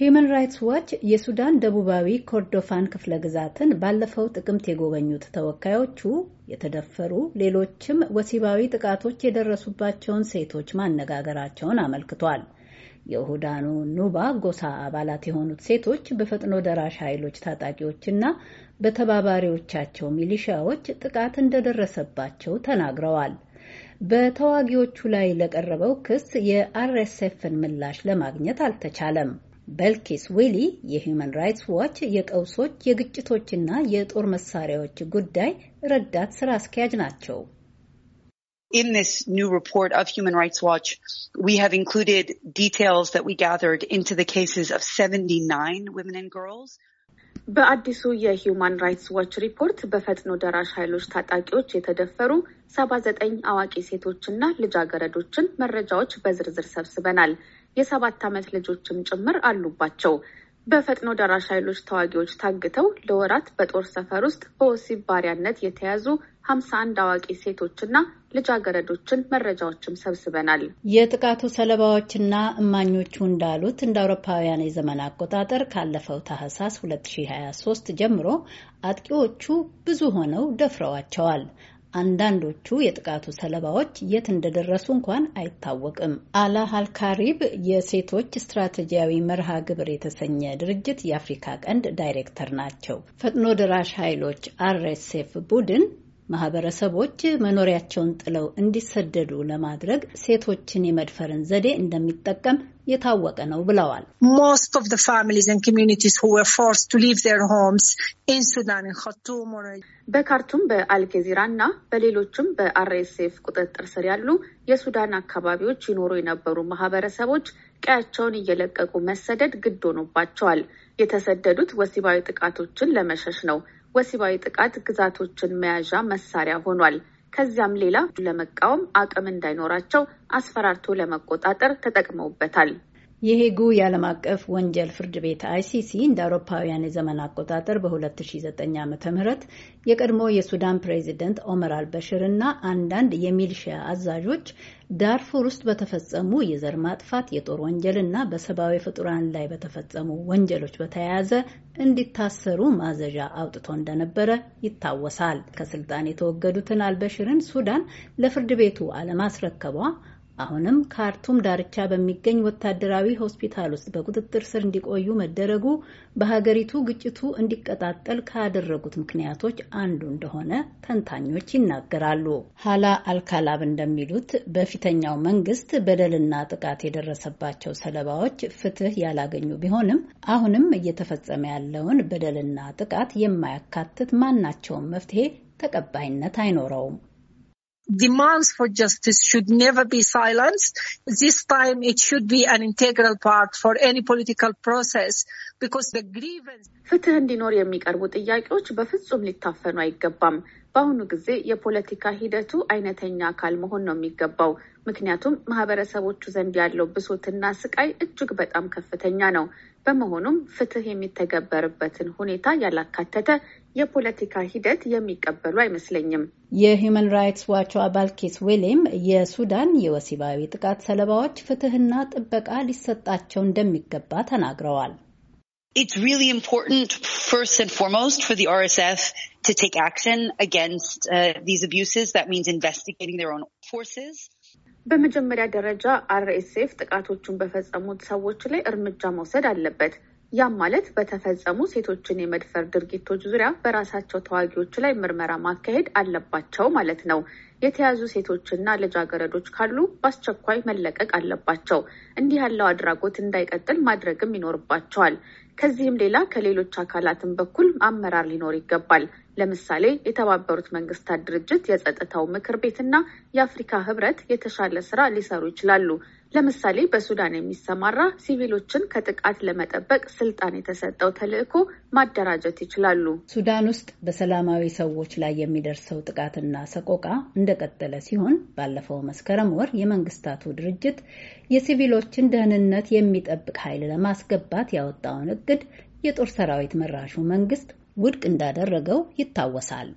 ሂዩማን ራይትስ ዋች የሱዳን ደቡባዊ ኮርዶፋን ክፍለ ግዛትን ባለፈው ጥቅምት የጎበኙት ተወካዮቹ የተደፈሩ ሌሎችም ወሲባዊ ጥቃቶች የደረሱባቸውን ሴቶች ማነጋገራቸውን አመልክቷል። የሁዳኑ ኑባ ጎሳ አባላት የሆኑት ሴቶች በፈጥኖ ደራሽ ኃይሎች ታጣቂዎችና በተባባሪዎቻቸው ሚሊሻዎች ጥቃት እንደደረሰባቸው ተናግረዋል። በተዋጊዎቹ ላይ ለቀረበው ክስ የአርኤስኤፍን ምላሽ ለማግኘት አልተቻለም። በልኪስ ዊሊ የሂዩማን ራይትስ ዋች የቀውሶች የግጭቶችና የጦር መሳሪያዎች ጉዳይ ረዳት ስራ አስኪያጅ ናቸው። In this new report of Human Rights Watch, we have included details that we gathered into the cases of 79 women and girls. በአዲሱ የሂዩማን ራይትስ ዋች ሪፖርት በፈጥኖ ደራሽ ኃይሎች ታጣቂዎች የተደፈሩ ሰባ ዘጠኝ አዋቂ ሴቶችና ልጃገረዶችን መረጃዎች በዝርዝር ሰብስበናል። የሰባት ዓመት ልጆችም ጭምር አሉባቸው። በፈጥኖ ደራሽ ኃይሎች ተዋጊዎች ታግተው ለወራት በጦር ሰፈር ውስጥ በወሲብ ባሪያነት የተያዙ ሀምሳ አንድ አዋቂ ሴቶችና ልጃገረዶችን መረጃዎችም ሰብስበናል። የጥቃቱ ሰለባዎችና እማኞቹ እንዳሉት እንደ አውሮፓውያን የዘመን አቆጣጠር ካለፈው ታህሳስ 2023 ጀምሮ አጥቂዎቹ ብዙ ሆነው ደፍረዋቸዋል። አንዳንዶቹ የጥቃቱ ሰለባዎች የት እንደደረሱ እንኳን አይታወቅም። አላ አልካሪብ የሴቶች ስትራቴጂያዊ መርሃ ግብር የተሰኘ ድርጅት የአፍሪካ ቀንድ ዳይሬክተር ናቸው። ፈጥኖ ደራሽ ኃይሎች አርኤስኤፍ ቡድን ማህበረሰቦች መኖሪያቸውን ጥለው እንዲሰደዱ ለማድረግ ሴቶችን የመድፈርን ዘዴ እንደሚጠቀም የታወቀ ነው ብለዋል። በካርቱም በአልጌዚራ እና በሌሎችም በአርኤስኤፍ ቁጥጥር ስር ያሉ የሱዳን አካባቢዎች ይኖሩ የነበሩ ማህበረሰቦች ቀያቸውን እየለቀቁ መሰደድ ግድ ሆኖባቸዋል። የተሰደዱት ወሲባዊ ጥቃቶችን ለመሸሽ ነው። ወሲባዊ ጥቃት ግዛቶችን መያዣ መሳሪያ ሆኗል። ከዚያም ሌላ ለመቃወም አቅም እንዳይኖራቸው አስፈራርቶ ለመቆጣጠር ተጠቅመውበታል። የሄጉ የዓለም አቀፍ ወንጀል ፍርድ ቤት አይሲሲ እንደ አውሮፓውያን የዘመን አቆጣጠር በ2009 ዓ ም የቀድሞ የሱዳን ፕሬዚደንት ኦመር አልበሽር እና አንዳንድ የሚልሽያ አዛዦች ዳርፉር ውስጥ በተፈጸሙ የዘር ማጥፋት፣ የጦር ወንጀል እና በሰብአዊ ፍጡራን ላይ በተፈጸሙ ወንጀሎች በተያያዘ እንዲታሰሩ ማዘዣ አውጥቶ እንደነበረ ይታወሳል። ከስልጣን የተወገዱትን አልበሽርን ሱዳን ለፍርድ ቤቱ አለማስረከቧ አሁንም ካርቱም ዳርቻ በሚገኝ ወታደራዊ ሆስፒታል ውስጥ በቁጥጥር ስር እንዲቆዩ መደረጉ በሀገሪቱ ግጭቱ እንዲቀጣጠል ካደረጉት ምክንያቶች አንዱ እንደሆነ ተንታኞች ይናገራሉ። ሀላ አልካላብ እንደሚሉት በፊተኛው መንግስት በደልና ጥቃት የደረሰባቸው ሰለባዎች ፍትህ ያላገኙ ቢሆንም አሁንም እየተፈጸመ ያለውን በደልና ጥቃት የማያካትት ማናቸውም መፍትሄ ተቀባይነት አይኖረውም። demands for justice should never be silenced. This time it should be an integral part for any political process. ፍትህ እንዲኖር የሚቀርቡ ጥያቄዎች በፍጹም ሊታፈኑ አይገባም። በአሁኑ ጊዜ የፖለቲካ ሂደቱ አይነተኛ አካል መሆን ነው የሚገባው። ምክንያቱም ማህበረሰቦቹ ዘንድ ያለው ብሶትና ስቃይ እጅግ በጣም ከፍተኛ ነው። በመሆኑም ፍትህ የሚተገበርበትን ሁኔታ ያላካተተ የፖለቲካ ሂደት የሚቀበሉ አይመስለኝም። የሂውማን ራይትስ ዋቹ አባል ኬስ ዌሌም የሱዳን የወሲባዊ ጥቃት ሰለባዎች ፍትህና ጥበቃ ሊሰጣቸው እንደሚገባ ተናግረዋል። It's really important, first and foremost, for the RSF to take action against uh, these abuses. That means investigating their own forces. በመጀመሪያ ደረጃ አርኤስኤፍ ጥቃቶቹን በፈጸሙት ሰዎች ላይ እርምጃ መውሰድ አለበት። ያም ማለት በተፈጸሙ ሴቶችን የመድፈር ድርጊቶች ዙሪያ በራሳቸው ተዋጊዎች ላይ ምርመራ ማካሄድ አለባቸው ማለት ነው። የተያዙ ሴቶችና ልጃገረዶች ካሉ በአስቸኳይ መለቀቅ አለባቸው። እንዲህ ያለው አድራጎት እንዳይቀጥል ማድረግም ይኖርባቸዋል። ከዚህም ሌላ ከሌሎች አካላትም በኩል አመራር ሊኖር ይገባል። ለምሳሌ የተባበሩት መንግስታት ድርጅት የጸጥታው ምክር ቤትና የአፍሪካ ህብረት የተሻለ ስራ ሊሰሩ ይችላሉ። ለምሳሌ በሱዳን የሚሰማራ ሲቪሎችን ከጥቃት ለመጠበቅ ስልጣን የተሰጠው ተልዕኮ ማደራጀት ይችላሉ። ሱዳን ውስጥ በሰላማዊ ሰዎች ላይ የሚደርሰው ጥቃትና ሰቆቃ እንደቀጠለ ሲሆን ባለፈው መስከረም ወር የመንግስታቱ ድርጅት የሲቪሎችን ደህንነት የሚጠብቅ ኃይል ለማስገባት ያወጣውን እቅድ የጦር ሰራዊት መራሹ መንግስት ውድቅ እንዳደረገው ይታወሳል።